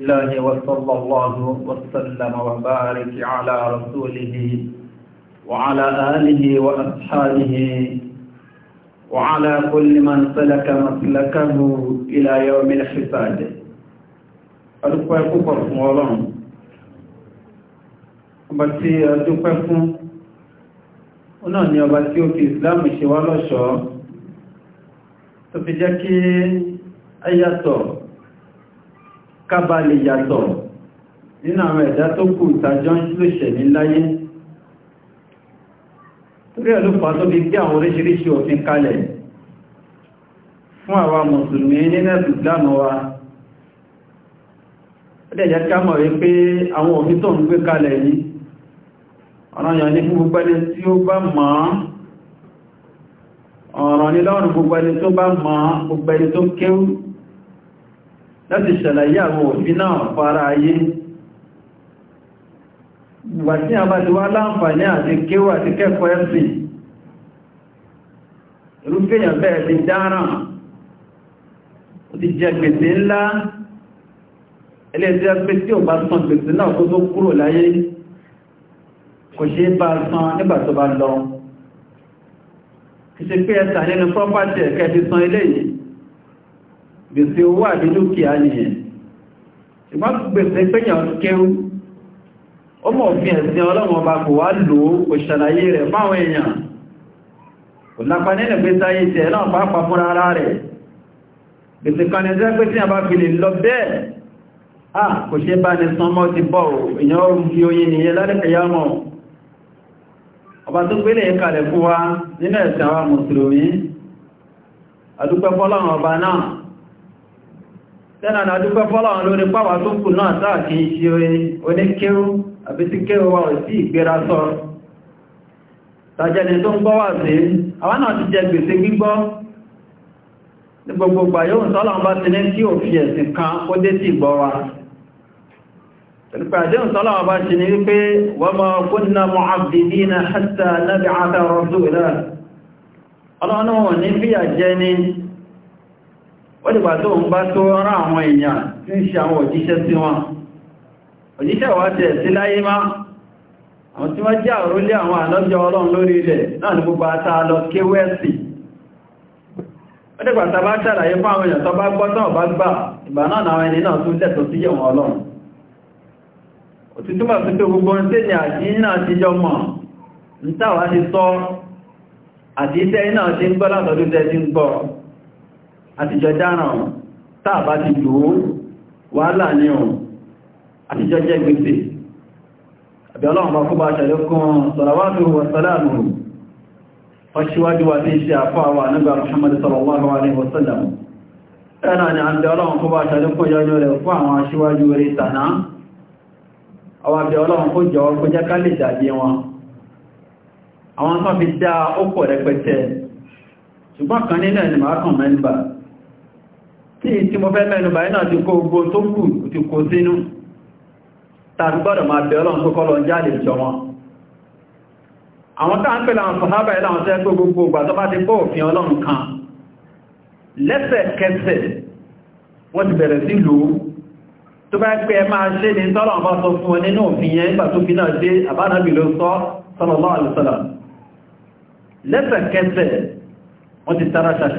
الله وصلى الله وسلم وبارك على رسوله وعلى آله وأصحابه وعلى كل من سلك مسلكه إلى يوم الحساب adúpẹ́ púpọ̀ fún ọlọ́run ọba tí adúpẹ́ fún ó náà ni ọba tí ó fi islam ṣe wá lọ́ṣọ̀ọ́ tó fi jẹ́ kí ayàtọ̀ kábà lè yàtọ̀ nínú àwọn ẹ̀dá tó kù ìtajọ́ ń lòṣẹ̀ ní láyé torí ẹ̀lú pa tó fi gbé àwọn oríṣiríṣi òfin kalẹ̀ fún àwa mùsùlùmí nínú ẹ̀sùn ìsìlámù wa ó dẹ̀ jẹ́ ká mọ̀ wípé àwọn òfin tó ń gbé kalẹ̀ yìí ọ̀ranyàn ní fún gbogbo ẹni tí ó bá mọ̀ ọ̀ràn ní lọ́rùn gbogbo ẹni tó bá mọ̀ gbogbo ẹni tó kéwú láti ṣàlàyé àwọn òfin náà fara ayé ìgbà tí a bá ti wá láǹfààní àti kéwà àti kẹ́kọ̀ọ́ ẹ̀sìn irúfèèyàn bẹ́ẹ̀ ti dáràn ó ti jẹ gbèsè ńlá ẹlẹ́ẹ̀tẹ́ pé tí ò bá san gbèsè náà kó tó kúrò láyé kò ṣe é bá san nígbà tó bá lọ kìí ṣe pé ẹ̀ta nínú pọ́pátì ẹ̀kẹ́ ti san eléyìí gbèsè owó àti dúkìá nìyẹn ìgbà gbèsè pẹ́yàn kéwú ó mọ̀ fi ẹ̀sìn ọlọ́wọ́n bá kò wá lò ó kò ṣàlàyé rẹ̀ fáwọn èèyàn kò lápá nílẹ̀ gbèsè ayé tẹ̀ náà pàápàá fún ara rẹ̀ gbèsè kan ní ẹgbẹ́ pé tí a bá fi lè lọ bẹ́ẹ̀ tẹ́nà náà dúpẹ́ fọ́lọ́run lórí pàwà tó kù náà sáà kìí ṣe oníkéwú àbí tí kéwú wa ò sí ìgbéra sọ tàjẹni tó ń gbọ́ wà sí àwọn náà ti jẹ gbèsè gbígbọ́ ní gbogbo yóò sọ́lọ́run bá ti ní kí òfin ẹ̀sìn kan ó dé sí ìgbọ́ wa ọlọ́nà wọn ní fíyà jẹ́ ní ó dìgbà tó ń bá tó rán àwọn èèyàn tí ń ṣe àwọn òjíṣẹ́ sí wọn òjíṣẹ́ wá tẹ̀ sí láyé má àwọn tí wọ́n jẹ́ àrólé àwọn àlọ́jọ́ ọlọ́run lórí ilẹ̀ náà ní gbogbo ata lọ kéwẹ́ẹ̀sì ó dìgbà ti ń gbọ́ látọ̀dún tẹ́ ti àtijọ́ dáràn táà bá ti lò ó wàhálà ní ọ̀n àtijọ́ jẹ́ gbèsè àbí ọlọ́run bá kúbà ṣẹlẹ̀ kan sọ̀rọ̀wátò wọ̀sálàmù ọṣíwájú wa tí ṣe àfọ́ àwọn àníbà Muhammad sallallahu alaihi wasallam ẹ̀nà ni àbí ọlọ́run kúbà ṣẹlẹ̀ kan yọjọ rẹ̀ fún àwọn aṣíwájú rẹ̀ tàná àwọn àbí ṣùgbọ́n kan nínú ẹni màá kàn mẹ́ńbà tí tí mo fẹ́ mẹ́nu báyìí náà ti kó gbogbo tó kù ti kó sínú tàbí gbọ́dọ̀ máa bẹ̀ ọlọ́run tó kọ́lọ jáde jọ wọn àwọn táà ń pèlà àwọn sọ̀hábà ilá àwọn tẹ́ gbogbo ìgbà tó bá ti kó òfin ọlọ́run kan lẹ́sẹ̀kẹsẹ̀ wọ́n ti bẹ̀rẹ̀ sí lò tó bá pẹ́ máa ṣe ní tọ́lọ̀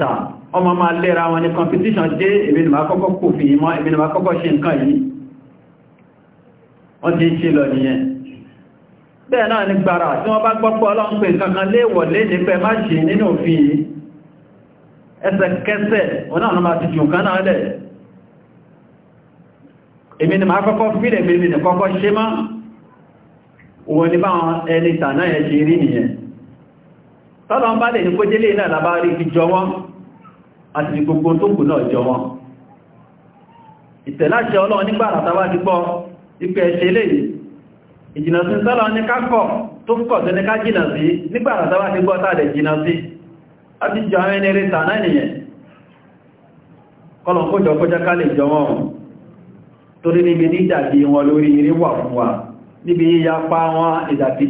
bá sọ ọmọ máa lẹ́ra wọn ní competition dé ìbínimá kọ́kọ́ kò fi ìmọ́ ìbínimá kọ́kọ́ ṣe nǹkan yìí wọ́n ti ń ṣe lọ nìyẹn bẹ́ẹ̀ náà ní gbàrà tí wọ́n bá gbọ́pọ̀ ọlọ́pẹ́ kankan léèwọ̀ lé nípẹ́ má ṣe nínú òfin yìí ẹsẹ̀kẹsẹ̀ wọn náà máa ti jù kan náà lẹ̀ èmi ni máa kọ́kọ́ fílẹ̀ mi ni kọ́kọ́ ṣe má wọ́n ní bá ẹni tà náà ẹ̀ ṣe rí nìyẹn tọ́lọ́ àti gbogbo tó kù náà jọ wọn ìtẹ̀láṣẹ ọlọ́run nígbà àtàwà dípọ̀ ipẹ̀ ṣe lè ìjìnà sí sọ́lọ ní kákọ̀ tó kọ̀ tó ní ká jìnà sí nígbà àtàwà dípọ̀ tààdẹ̀ jìnà sí àti jọ àwọn ẹni náà ká lè jọ wọn torí níbi ní ìdàbí wọn lórí ire wà fún wa níbi wọn ìdàbí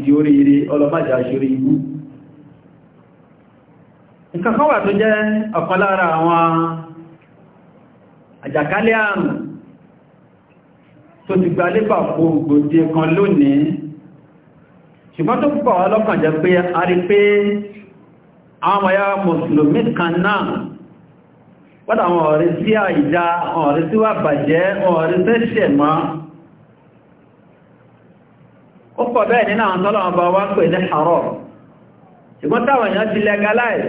nǹkan kan wà tó jẹ́ ọ̀kan lára àwọn àjàkálẹ̀ àrùn tó ti gba lébà gbogbogbò kan lónìí ṣùgbọ́n tó púpọ̀ wá lọ́kàn pé a rí pé àwọn ọmọ ya mùsùlùmí kan náà wọ́n àwọn ọ̀rẹ́ sí àìdá ọ̀rẹ́ sí wà bàjẹ́ ọ̀rẹ́ tẹ́ṣẹ̀ mọ́ ó pọ̀ bẹ́ẹ̀ nínú àwọn tọ́lọ̀ ọba wá pè ní àárọ̀ ṣùgbọ́n táwọn èèyàn ti legalize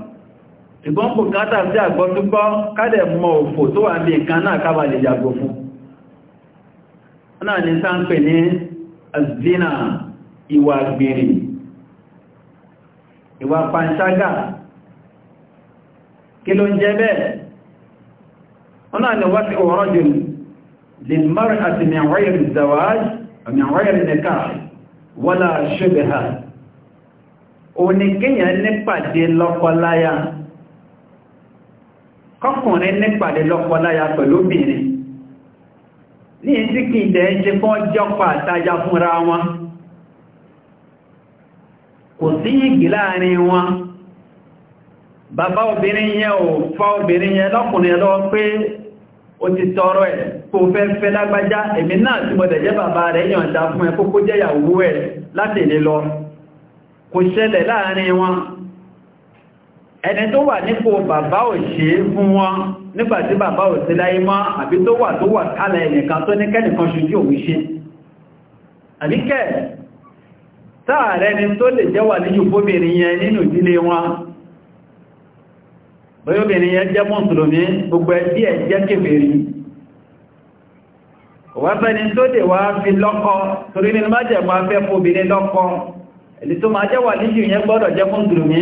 ṣùgbọ́n kò kátà sí àgbọ́dúgbọ́ kádẹ̀ mọ òfò tó wà ní nǹkan náà kábà lè yàgò fún náà ni sáńpẹ̀ ní azina ìwà gbèrè ìwà panṣágà kí ló ń jẹ́ bẹ́ẹ̀ náà ni wọ́n ti ọ̀rọ̀ jù lè mara àti mẹ́wàáyẹ̀rẹ̀ zawaj mẹ́wàáyẹ̀rẹ̀ nìka wọ́la kọkùnrin nípàdé lọ́pọ̀ láya pẹ̀lú obìnrin ní tí kí ìdẹ̀ ń ṣe fọ́n jọpa àtajà fúnra wọn kò sí láàrin wọn bàbá obìnrin yẹ ò fa obìnrin yẹ lọ́kùnrin lọ pé o ti tọrọ ẹ̀ kò fẹ́ fẹ́ lágbájá èmi náà tí mo dẹ̀jẹ́ bàbá rẹ̀ fún ẹ ẹni tó wà nípò bàbá ò ṣe é fún wọn nígbàtí bàbá ò sí láyé mọ́ àbí tó wà tó wà kálẹ̀ ẹnìkan tó ní kẹ́nìkan ṣojú òun ṣe àníkẹ́ táàrẹ ni tó lè jẹ́ wà níyù bóbìnrin yẹn nínú ìdílé wọn bóyóbìnrin yẹn jẹ́ mùsùlùmí gbogbo ẹbí ẹ̀ jẹ́ kèfèrí wọ́pẹ́ni tó dè wá fi lọ́kọ torí nínú májẹ̀mọ́ afẹ́ fóbìnrin lọ́kọ èdè tó máa jẹ́ wà yẹn gbọ́dọ̀ jẹ́ mùsùlùmí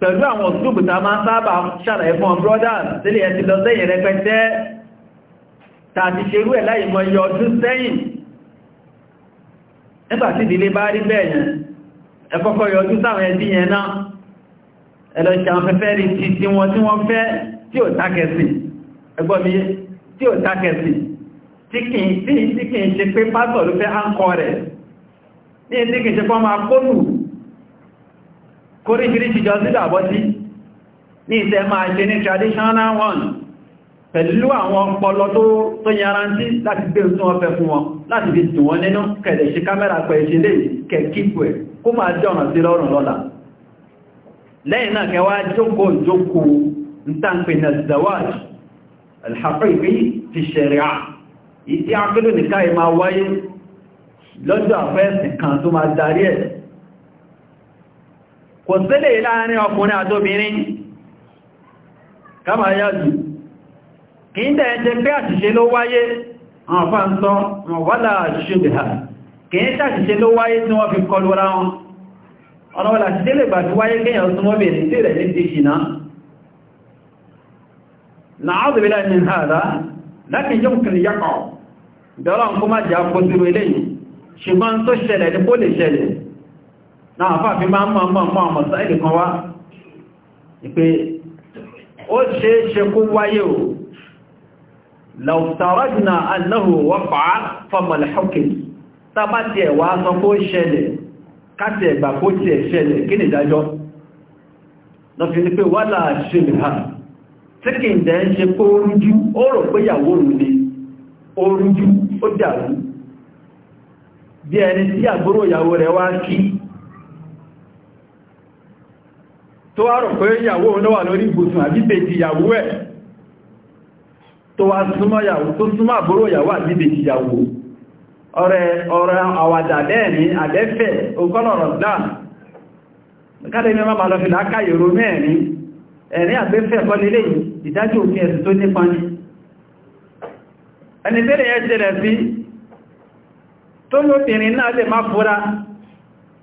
pẹ̀lú àwọn òṣùgbù ta máa sábà ṣàlàyé fún brothers sílẹ̀ ẹ̀ ti lọ sẹ́yìn rẹpẹtẹ tàbí ṣerú ẹ̀ láì mọ iye ọdún sẹ́yìn nígbàtí ìdílé bá rí bẹ́ẹ̀yàn ẹ kọ́kọ́ yọjú sáwọn ẹbí yẹn náà ẹlọ ìṣàwọn fẹ́fẹ́ rí ti tí wọ́n tí wọ́n fẹ́ tí ò tákẹsì ẹgbọ́mí tí ò tákẹsì tí kìí ṣe pé ẹ̀dí kóríṣiríṣi jọ sí dàbọ́sí ní ìtẹ́ máa ṣe ní traditional one pẹ̀lú àwọn ọpọlọ tó yarantí láti gbé òtún ọfẹ́ fún wọn láti fi tún wọn nínú kẹ̀lẹ̀ ṣe kámẹ́rà pẹ̀ ṣe lè kẹ̀kípù ẹ̀ kó máa jẹ́ ọ̀nà sí lọ́rùn lọ́la lẹ́yìn náà kẹwa jókòó jókòó kò sílẹ̀ láàrin ọkùnrin àtóbìnrin kama yájú kí ń dẹ̀ jẹ pé àṣìṣe ló wáyé ọ̀fà ń sọ wọ́lá àṣìṣe bìhà kì ń ṣàṣìṣe ló wáyé tí wọ́n fi kọlu ra wọn ọ̀nàwọ̀lá àṣìṣe lè gbà tí wáyé kéèyàn súnmọ́bìnrin sí rẹ̀ ní ti ṣìná náà àfáàfí máa ń mọ̀ mọ̀ mọ̀ sáìlì kan wá ìpé ó ṣe ṣe kó wáyé o lọ́tàrọ́jìnà aláhù wọ́pá fọmọ̀lẹ̀ hókè tábà tí ẹ̀wà sọ kó ṣẹlẹ̀ káti ẹ̀gbà kó ti ẹ̀ṣẹlẹ̀ kí ni ìdájọ́ ṣe bí ẹni tí àgbóró tó wá rọ̀ pé ìyàwó oníwà lórí ìbùsùn àbíbèjì ìyàwó ẹ̀ tó wá súnmọ́ ìyàwó tó súnmọ́ àbúrò ìyàwó àbíbèjì ìyàwó ọ̀rẹ́ àwàdà mẹ́rin ẹ̀rin àgbẹ́fẹ́ kọlílé ẹni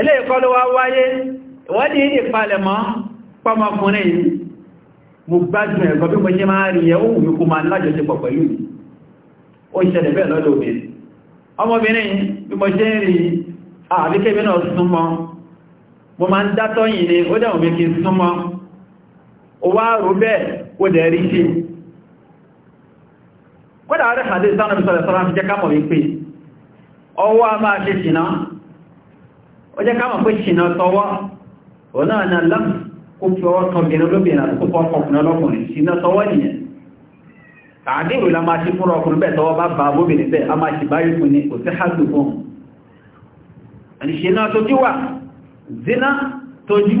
eléyìí kọ́ ló wá wáyé ìwọ́dí ìpalẹ̀mọ́ pọ́mọkùnrin yìí mo gbájú ẹ̀kọ́ bí mo ṣe máa rí ẹ̀ òun yóò máa lájọṣepọ̀ pẹ̀lú mi ó ṣẹlẹ̀ bẹ́ẹ̀ lọ́dọ̀ obìnrin ọmọbìnrin bí mo ṣe ń rí àbíkébí náà súnmọ́ mo máa ń dátọ́ yìí ni ó dẹ̀wọ̀n mékí súnmọ́ ó ọwọ́ a máa ṣe ṣìná ó jẹ́ káàmà pé ṣìnà tọwọ́ ò náà na lọ́m kó fi ọwọ́ kan bìnrin olóbìnrin àti kópa ọkùnrin ọlọ́kùnrin ṣìnà tọwọ́ nìyẹn tààdéwò la máa ṣe fúnra ọkùnrin bẹ́ẹ̀ tọwọ́ bá bá bóbìnrin bẹ́ẹ̀ a máa ṣe báyìí fún ni kò sí hàgbù fún un ṣìnà tójú wà zina tójú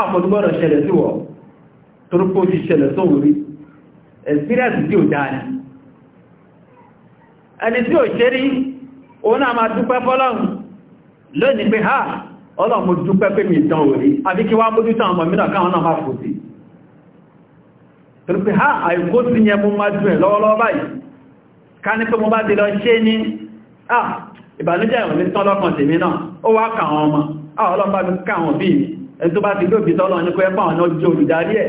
àmọ́dúgbọ́rọ̀ ah, ṣẹlẹ̀ sí wọ́ torípò ti ṣẹlẹ̀ sóhun rí experience tí ó dáa ni ẹni tí ó ṣe rí òun náà máa dúpẹ́ fọ́lọ́run lónìí pé ha ọlọ́mọ dúpẹ́ pé mi ìtàn orí àbí kí wá mójútó àwọn ọmọ mìíràn káwọn náà máa fò sí torípé ha àìkó sí yẹn mú máa dùn ẹ̀ lọ́wọ́lọ́wọ́ báyìí ká ní ah! tán lọ́kàn tèmi náà ó wá kàwọn ọmọ ah ọlọ́pàá káwọn bíi ẹ̀tọ́ bá ti lóbi tọ́lọ ní pẹ́ pàwọn náà jẹ́ olùdarí ẹ̀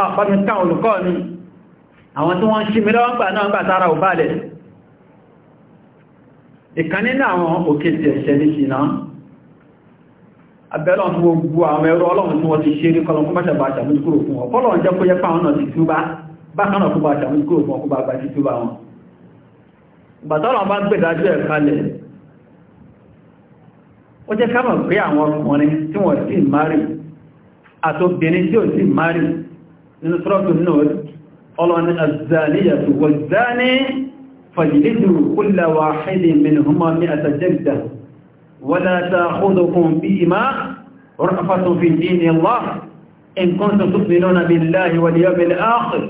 àpapọ̀ ká olùkọ́ ni àwọn tí wọ́n ṣí mìíràn gbà náà gbà tara ò balẹ̀ ìkan nínú àwọn òkè ti ẹ̀ṣẹ̀ ní ṣìná abẹ́lọ́ fún gbogbo àwọn ẹrọ ọlọ́run tí wọ́n ti ṣe rí kọlọ̀ kọ́bàṣà bá ṣàmúsùkúrò fún wọn kọ́lọ̀ jẹ́ kó yẹ pàwọn náà ti túbá bá ṣàmúsùkúrò fún bá bá ti túbá wọn gbàtọ́lọ̀ bá gbẹ̀dájú ó jẹ́ ká mọ̀ pé àwọn ọkùnrin tí wọ́n sì márì àtòbìnrin tí ó sì márì nínú sọ́rọ̀tún náà ọlọ́ni azaliyatu wà zani fàjìlìdù kulla wahidin minhuma mi'ata jalda wala ta'khudhukum bihima ra'fatun fi dinillah in kuntum tu'minuna billahi wal yawmil akhir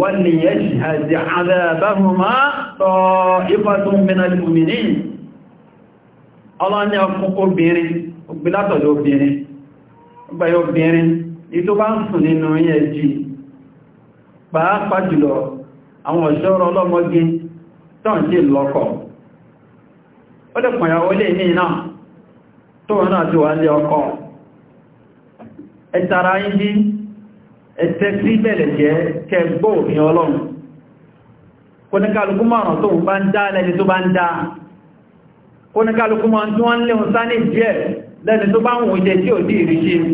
وليشهد عذابهما طائفة ọlọ́ni obìnrin gbílátọ̀lẹ̀ obìnrin gbẹ̀yẹ obìnrin ní tó bá ń sùn nínú yẹ jì pàápàá jùlọ àwọn ọ̀ṣọ́rọ̀ ọlọ́mọgí tán lọ́kọ̀ ó lè pọ̀nyàwó lè ní iná tó wọ́n náà ti wà ní ọkọ̀ ẹ̀tẹ́ sí bẹ̀rẹ̀ jẹ́ ọlọ́run márùn-ún tó bá ń dá lẹ́ni tó bá ń kó ní kálukú ma tí wọ́n léhun sáni díẹ̀ lẹ́ni tó bá ń wòye tí ò dí ìríṣẹ́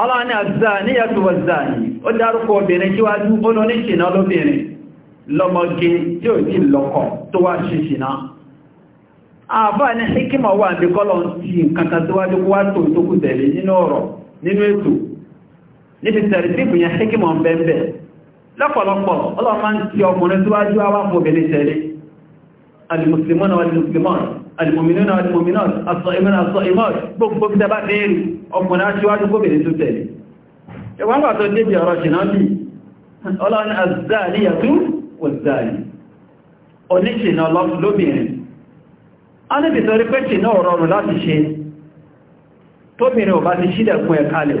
Allah ní àzáàní yàtùwà záàní ó dárúkọ obìnrin tí wá ní olóníṣìná lóbìnrin lọ́mọge tí ò dí lọ́kọ tó wá ṣìṣìná àbá ní hikima wà ní kọ́lọ̀ tí nǹkan síwájú wá tó tó kù tẹ̀lé nínú ọ̀rọ̀ nínú ètò níbi المسلمون والمسلمات المؤمنون والمؤمنات الصائمون والصائمات gbogbo bí tẹbá dẹ́rì ọkùnrin aṣíwájú gómìnà tó tẹ̀lé ìwọ́n bá tó débi ọ̀rọ̀ ṣìnà bí ọlọ́ni àzáàrí yàtú wọ̀záàrí oníṣìnà lóbìnrin a níbi torí pé ṣìnà ọ̀rọ̀rùn láti ṣe tóbìnrin ò bá ti ṣílẹ̀kùn ẹ̀kalẹ̀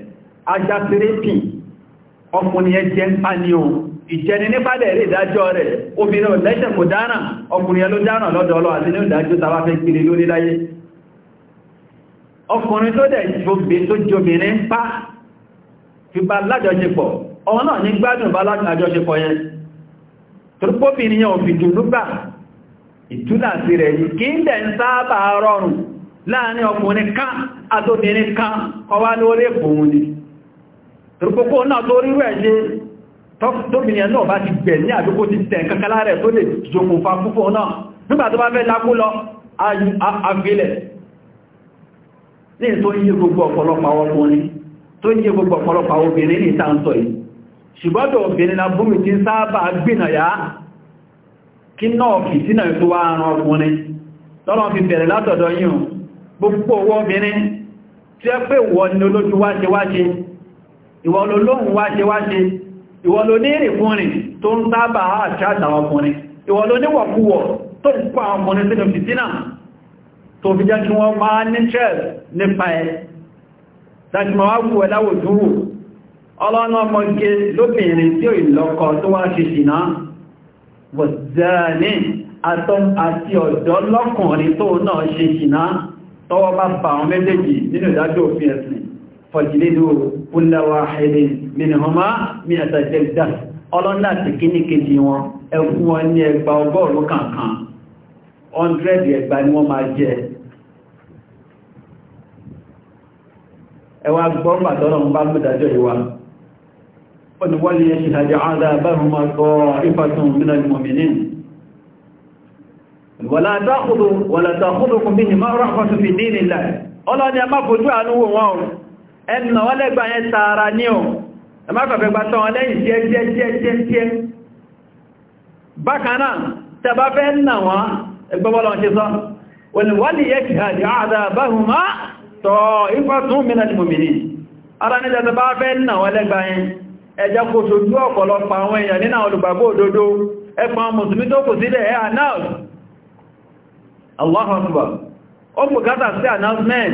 ajásírépì ọkùnrin ẹjẹ́ ní o ìjẹni nípàdẹ̀ rí ìdájọ́ rẹ̀ obìnrin lẹ́ṣẹ̀ kò ọkùnrin ẹlò dára lọ́dọ̀ ọlọ́ àti ní ìdájọ́ tàbá fẹ́ kiri lórí láyé ọkùnrin tó dẹ̀ pa láàrin ọkùnrin kan àtòbìnrin kan lórí rùpòpò náà tó rí rẹ̀ ṣe tóbìnrin náà bá ti gbẹ̀ ní àdúgbò ti tẹ̀ kankanlá rẹ̀ tó lè jòkó fa púpọ̀ náà nígbà tó bá fẹ́ lákú lọ agbélẹ̀ ní tó yí gbogbo ọ̀pọ̀lọpọ̀ àwọn ọkùnrin tó yí gbogbo ọ̀pọ̀lọpọ̀ àwọn obìnrin ní ìtàntọ̀ yìí ṣùgbọ́dọ̀ na búmi ti sáábà gbìnàyà kí náà kì sínà tó wá àrùn ọkùnrin lọ́nà fi bẹ̀rẹ̀ látọ̀dọ̀ yìí gbogbo owó obìnrin ìwọ̀lò lóhun wáṣe wáṣe ìwọ̀lò ní ìrìnkúnrin tó ń sábà àṣáàtà ọkùnrin ìwọ̀lò níwọ̀kúwọ̀ tó ń kọ́ àwọn ọkùnrin sínú fìtínà tó fi jẹ́ kí wọ́n máa ní chess nípa ẹ̀ dájúmọ̀wáwù ẹ̀láwòdúwò ọlọ́nàmọ́gé lóbìnrin tí ó ìlọ́kọ tó wá ṣe ṣìná bọ̀zẹ́ni àti ọ̀dọ́ lọ́kùnrin tó náà ṣe ṣìná tọ́wọ́ bá bá àwọn méjèèjì nínú ìdájọ́ òfin ẹ̀sìn fọ̀jìlédòrò kúlá wa ṣẹlẹ̀ mìnìhànmá mìnàtà ìṣẹ́lẹ̀dá ọlọ́nà àti kíníkejì wọn ẹkùn wọn ní ẹgbà ọgọ́rùn kankan 100 ẹgbà ni wọ́n máa jẹ ẹwà gbọ́nbà tọ́lọ̀ ń bá mẹ́dájọ́ ìwà ó ni wọ́n lè ṣìdájọ́ àádá báwọn máa gbọ́ ìfàtún mìnà ìmọ̀mìnì wọ́lá tákùdù wọ́lá tákùdù kùnbí ẹnà wọ́n lẹ́gbà yẹn tààrà ní ọ̀ ẹmọ́kànfẹ́gbà tán lẹ́yìn jẹ́jẹ́jẹ́jẹ́ bákaná tẹba fẹ́ nà wọ́n sọ tẹba fẹ́ nà wọ́n lẹ́gbà yẹn ẹjá kò ṣojú Allahu Akbar ó bùkátà sí announcement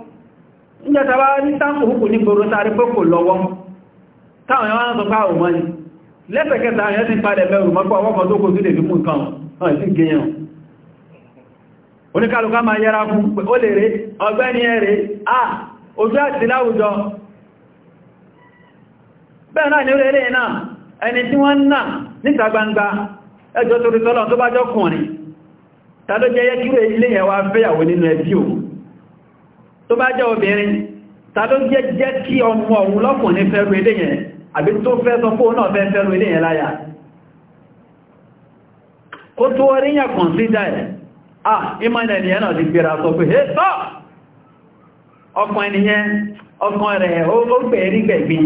níjẹta bá ní sáàmù hùkù ní gbogbo sáré pé kò lọ́wọ́ táwọn ẹwà ń sọpá àwọn mọ́ni tó kò sí lè fi ojú bẹ́ẹ̀ náà ní orílẹ̀ náà ẹni tí wọ́n náà níta gbangba ẹjọ́ torítọ́lọ̀ tó bá jọ́kùnrin tàbí jẹ́ yẹ́ kí fẹ́yàwó nínú ẹbí tó bá jẹ́ obìnrin ta ló jẹ́ jẹ́ kí ọmọ òun lọ́kùnrin fẹ́rù ilé yẹn àbí tó fẹ́ sọ fóò náà fẹ́ fẹ́rù ilé yẹn láyà ó tó ríyàn kàn sí dáẹ̀ ah ìmọ̀nà ènìyàn náà ti gbéra sọ pé hẹ́tọ́ ọkàn ènìyàn ọkàn rẹ̀ ó gbẹ̀ẹ́rí gbẹ̀gbin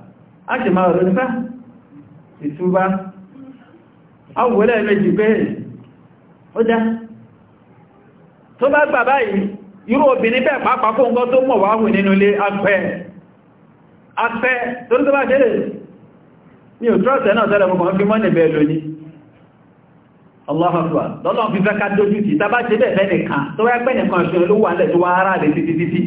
a ṣe máa rọ̀ nípa ìtúbá ó dá tó bá gbà báyìí irú obìnrin bẹ́ẹ̀ pàápàá fún tó mọ̀ nínú ilé tó bá ní òtúrọ̀sẹ̀ náà tẹ́lẹ̀ fi mọ́nì bẹ́ẹ̀ fi fẹ́ ká dójú ti tàbá ṣe bẹ́ẹ̀ fẹ́ nìkan tó pẹ́ nìkan olówó alẹ́ tó wá ara rẹ̀ títí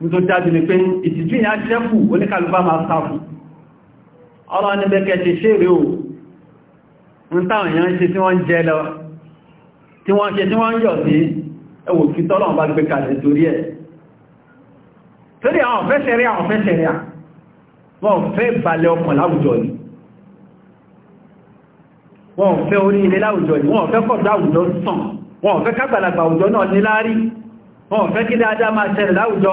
tó dájú ní pé ìtìjú ìyá jẹ́kù oníkàlùbá máa sáfù ọlọ́ ní bẹ́kẹ́ ti ṣe rí o ń táwọn èèyàn ṣe tí wọ́n jẹ́ lọ tí wọ́n ṣe tí wọ́n yọ̀ sí ẹwò fi tọ́lọ̀ bá gbé kalẹ̀ torí ẹ̀ torí àwọn fẹ́sẹ̀ rí àwọn fẹ́sẹ̀ rí wọ́n fẹ́ balẹ̀ ọkàn láwùjọ ni wọ́n fẹ́ orí ilé láwùjọ ni wọ́n fẹ́ kọ̀dọ̀ àwùjọ sàn wọ́n fẹ́ kágbàlagbà àwùjọ náà níláárí wọ́n fẹ́ kí dáadáa máa ṣẹlẹ̀ láwùjọ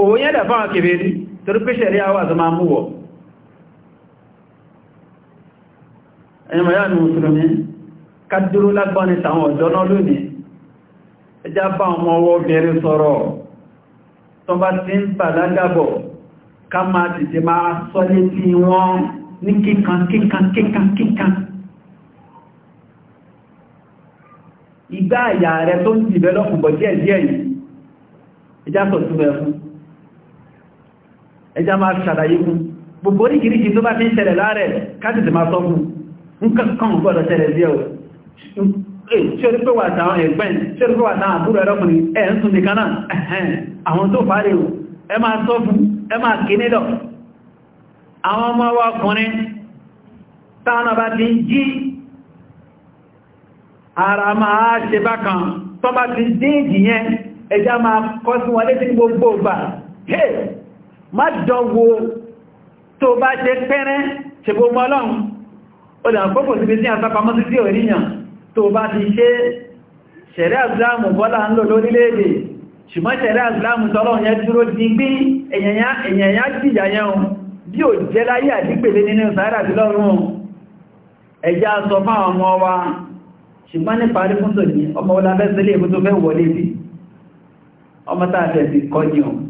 kò yẹ́ dà fáwọn kèfè rí torí pé ṣẹ̀rí àwà tó máa múwọ̀ ẹni mọ̀ yá ni mùsùlùmí ká dúró lágbọ́n ní tàwọn ọ̀dọ́ náà lónìí ẹjá bá ọmọ ọwọ́ bẹ̀rẹ̀ sọ̀rọ̀ tó bá ti ń bàlágàbọ̀ ká máa tìtì máa sọ́lé ìgbà àyà rẹ̀ tó ń dìbẹ́lọ́pù bọ̀ díẹ̀díẹ̀ yìí ìjá sọ̀túnbẹ̀ fún ẹjá máa ṣàlàyé fún gbogbo oríkìríkì tó bá fi ń ṣẹlẹ̀ láàrẹ̀ káàkiri máa sọ fún nǹkan gbọ́dọ̀ ṣẹlẹ̀ sí ẹ̀ ṣe orí pé wà táwọn ẹ̀gbẹ́n ṣe orí pé wà táwọn àbúrò ẹ̀rọ́kùnrin wa ọkùnrin táwọn bá ti ń jí ara máa ṣe bákan tó bá ti dín ìjìyẹn ẹjá máa kọ́ sí wọn létí gbogbo gbà má dọ̀wò tó bá ṣe pẹ́rẹ́ ṣe gbogbo ọlọ́run ó dà pọ́pọ̀ síbi tí a sápamọ́ sí sí òríyàn tó bá ti ṣe ṣẹ̀rẹ́ àzìláàmù bọ́lá ń lò lórílẹ̀-èdè ṣùgbọ́n ṣẹ̀rẹ́ àzìláàmù tọ́lọ́run yẹn dúró dígbín èyànyá jìyà yẹn bí ò jẹ́ láyé àdípèlé nínú sàárà sí lọ́rùn ẹjá sọ fún àwọn ọmọ wa ní ọmọ wọlá ìbútó fẹ́ wọlé bí ọmọ tàà tẹ̀sí kọ́ ni ọ̀hún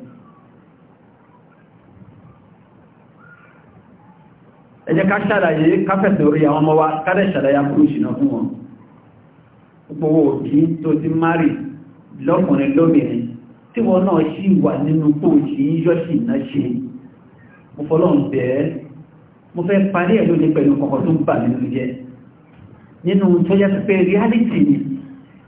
ẹ jẹ́ ká ṣàlàyé káfẹ́sẹ̀ orí àwọn ọmọ wa kádẹ̀ ṣàlàyé kúrò ṣìnà fún wọn gbogbo òbí tó ti márì lọ́kùnrin lóbìnrin tí wọ́n náà sì wà nínú kóòtì yọ́sì náà ṣe ni tí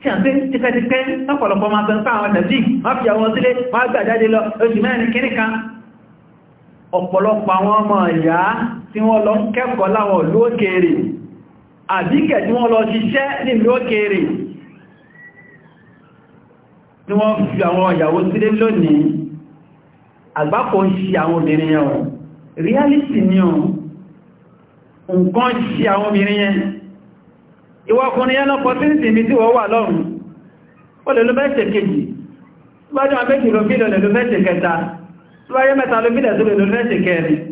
a ń pé tipẹ́tipẹ́ lọ́pọ̀lọpọ̀ máa sọ sáwọn tàbí máa fi àwọn sílé máa gbà jáde lọ oṣù mẹ́rin kiri kan ọ̀pọ̀lọpọ̀ àwọn ọmọ ìyá tí wọ́n lọ ń kẹ́kọ̀ọ́ láwọn ìlú òkèèrè àdíkẹ̀ tí wọ́n lọ ṣiṣẹ́ nílùú òkèèrè tí wọ́n fi àwọn ìyàwó sílé lónìí àgbákò ń ṣe àwọn obìnrin yẹn wọn reality ni o nǹkan ṣe àwọn obìnrin yẹn ìwọ́kùnrin yẹn lọ́pọ̀ tí ń sì mi tí wọ́n wà lọ́rùn ó lè ló mẹ́sẹ̀ kejì tó bá jọ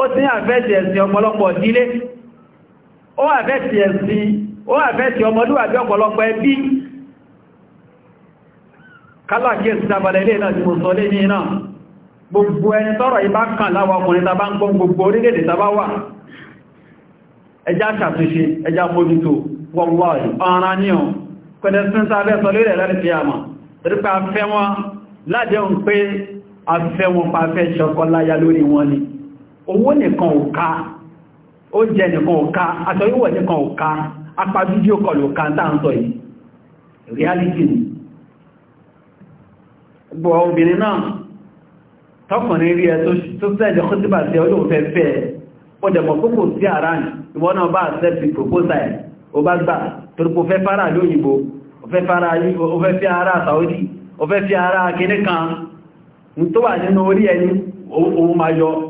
ó ti ń àfẹ́ẹ̀tì ẹ̀sìn ọ̀pọ̀lọpọ̀ ìdílé ó àfẹ́ẹ̀tì ẹ̀sìn ó àfẹ́ẹ̀tì ọmọlúwàbí ọ̀pọ̀lọpọ̀ ẹbí kálàkíyèsí tabalẹ̀ ilé náà ti mo sọ lé ní náà gbogbo ẹni tọ́rọ̀ ibá kàn láwọn ọkùnrin tàbá ń gbọ́n gbogbo orílẹ̀-èdè tàbá wà ẹjá ṣàtúnṣe ẹjá mójútó wọ́wọ́ọ̀lù ọ̀rán ní ọ̀ pẹ̀lẹ̀ sínsá abẹ́ sọ lórí ẹ̀lẹ́rì fi owó nìkan ò ká oúnjẹ nìkan ò ká aṣọ ìwọ̀ nìkan ò ká apájújú kọlù ká dáńtọ̀ yìí reality ni gbọ́ obìnrin náà tọkùnrin rí ẹ tó sẹ́jọ kó tíbà sí olóòfẹ́ fẹ́ ó dẹ̀mọ̀ púpọ̀ sí ara ní ìwọ́n náà bá accept proposal ẹ̀ ó bá gbà torípò fẹ́ fara lóyìnbó òfẹ́ fi ara Saudi òfẹ́ fi ara tó wà nínú orí ẹni òun máa yọ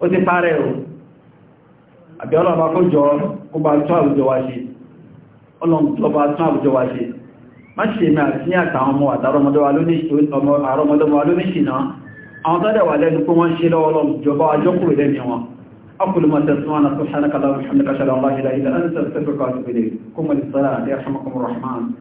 ó ti parẹ́ o àbí ọlọ́ọ̀bá kó jọ kó bá tún àwùjọ wa ṣe ọlọ́ọ̀bá tún àwùjọ wa ṣe má ṣe mẹ́ àti ní àtàwọn ọmọ àtàrọmọdọ́wà lóníṣìná àwọn tọ́dẹ̀ wà lẹ́nu pé wọ́n ṣe lọ́wọ́lọ́jọba ajọ́kùrù lẹ́ni wọn أقول ما تسمعنا سبحانك اللهم وبحمدك أشهد أن لا إله إلا أنت أستغفرك وأتوب إليك قم للصلاة يرحمكم الرحمن